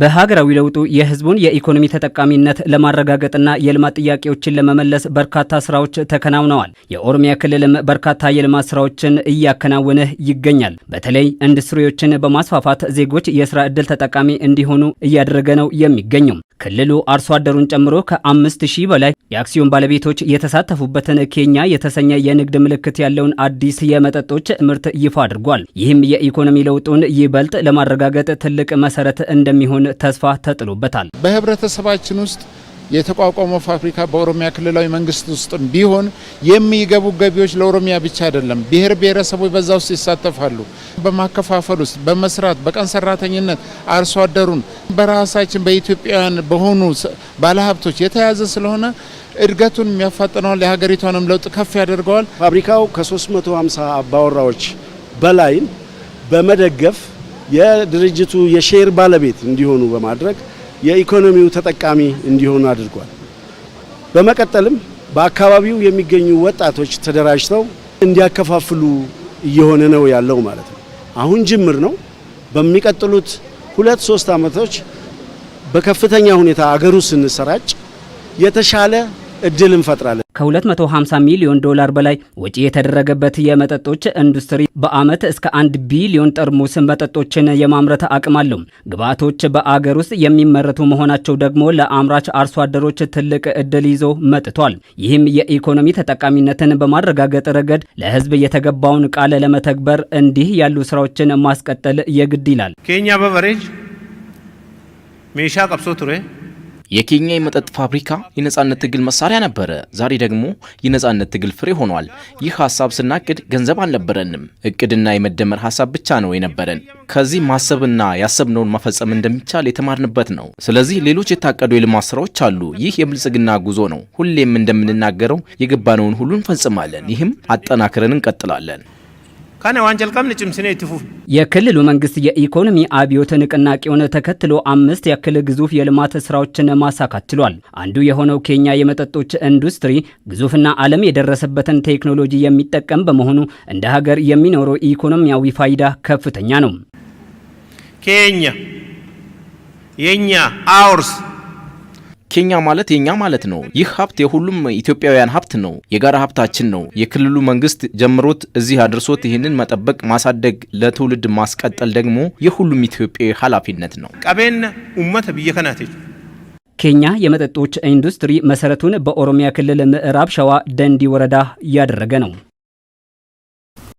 በሀገራዊ ለውጡ የህዝቡን የኢኮኖሚ ተጠቃሚነት ለማረጋገጥና የልማት ጥያቄዎችን ለመመለስ በርካታ ስራዎች ተከናውነዋል። የኦሮሚያ ክልልም በርካታ የልማት ስራዎችን እያከናወነ ይገኛል። በተለይ ኢንዱስትሪዎችን በማስፋፋት ዜጎች የስራ ዕድል ተጠቃሚ እንዲሆኑ እያደረገ ነው የሚገኘው። ክልሉ አርሶ አደሩን ጨምሮ ከአምስት ሺህ በላይ የአክሲዮን ባለቤቶች የተሳተፉበትን ኬኛ የተሰኘ የንግድ ምልክት ያለውን አዲስ የመጠጦች ምርት ይፋ አድርጓል። ይህም የኢኮኖሚ ለውጡን ይበልጥ ለማረጋገጥ ትልቅ መሰረት እንደሚሆን ተስፋ ተጥሎበታል። በህብረተሰባችን ውስጥ የተቋቋመው ፋብሪካ በኦሮሚያ ክልላዊ መንግስት ውስጥም ቢሆን የሚገቡ ገቢዎች ለኦሮሚያ ብቻ አይደለም፣ ብሔር ብሔረሰቦች በዛ ውስጥ ይሳተፋሉ። በማከፋፈል ውስጥ በመስራት በቀን ሰራተኝነት አርሶ አደሩን በራሳችን በኢትዮጵያውያን በሆኑ ባለሀብቶች የተያዘ ስለሆነ እድገቱን የሚያፋጥነዋል፣ የሀገሪቷንም ለውጥ ከፍ ያደርገዋል። ፋብሪካው ከ350 አባወራዎች በላይ በመደገፍ የድርጅቱ የሼር ባለቤት እንዲሆኑ በማድረግ የኢኮኖሚው ተጠቃሚ እንዲሆኑ አድርጓል። በመቀጠልም በአካባቢው የሚገኙ ወጣቶች ተደራጅተው እንዲያከፋፍሉ እየሆነ ነው ያለው ማለት ነው። አሁን ጅምር ነው። በሚቀጥሉት ሁለት ሶስት ዓመቶች በከፍተኛ ሁኔታ አገሩ ስንሰራጭ የተሻለ እድል እንፈጥራለን። ከ250 ሚሊዮን ዶላር በላይ ወጪ የተደረገበት የመጠጦች ኢንዱስትሪ በዓመት እስከ አንድ ቢሊዮን ጠርሙስ መጠጦችን የማምረት አቅም አለው። ግብዓቶች በአገር ውስጥ የሚመረቱ መሆናቸው ደግሞ ለአምራች አርሶ አደሮች ትልቅ እድል ይዞ መጥቷል። ይህም የኢኮኖሚ ተጠቃሚነትን በማረጋገጥ ረገድ ለሕዝብ የተገባውን ቃል ለመተግበር እንዲህ ያሉ ስራዎችን ማስቀጠል የግድ ይላል። ኬኛ በቨሬጅ ሜሻ ቀብሶ ቱሬ የኬንያ የመጠጥ ፋብሪካ የነጻነት ትግል መሳሪያ ነበረ፣ ዛሬ ደግሞ የነጻነት ትግል ፍሬ ሆኗል። ይህ ሀሳብ ስናቅድ ገንዘብ አልነበረንም። እቅድና የመደመር ሀሳብ ብቻ ነው የነበረን። ከዚህ ማሰብና ያሰብነውን መፈጸም እንደሚቻል የተማርንበት ነው። ስለዚህ ሌሎች የታቀዱ የልማት ስራዎች አሉ። ይህ የብልጽግና ጉዞ ነው። ሁሌም እንደምንናገረው የገባነውን ሁሉ እንፈጽማለን። ይህም አጠናክረን እንቀጥላለን። ካነ ዋንጀል ቀምን ጭምስኔ ትፉ የክልሉ መንግስት የኢኮኖሚ አብዮት ንቅናቄውን ተከትሎ አምስት ያክል ግዙፍ የልማት ስራዎችን ማሳካት ችሏል። አንዱ የሆነው ኬንያ የመጠጦች ኢንዱስትሪ ግዙፍና ዓለም የደረሰበትን ቴክኖሎጂ የሚጠቀም በመሆኑ እንደ ሀገር የሚኖረው ኢኮኖሚያዊ ፋይዳ ከፍተኛ ነው። ኬንያ የኛ አውርስ ኬኛ ማለት የኛ ማለት ነው። ይህ ሀብት የሁሉም ኢትዮጵያውያን ሀብት ነው፣ የጋራ ሀብታችን ነው። የክልሉ መንግስት ጀምሮት እዚህ አድርሶት ይህንን መጠበቅ፣ ማሳደግ፣ ለትውልድ ማስቀጠል ደግሞ የሁሉም ኢትዮጵያዊ ኃላፊነት ነው። ቀቤን ኡመተ ብየከናት ኬኛ የመጠጦች ኢንዱስትሪ መሰረቱን በኦሮሚያ ክልል ምዕራብ ሸዋ ደንዲ ወረዳ እያደረገ ነው።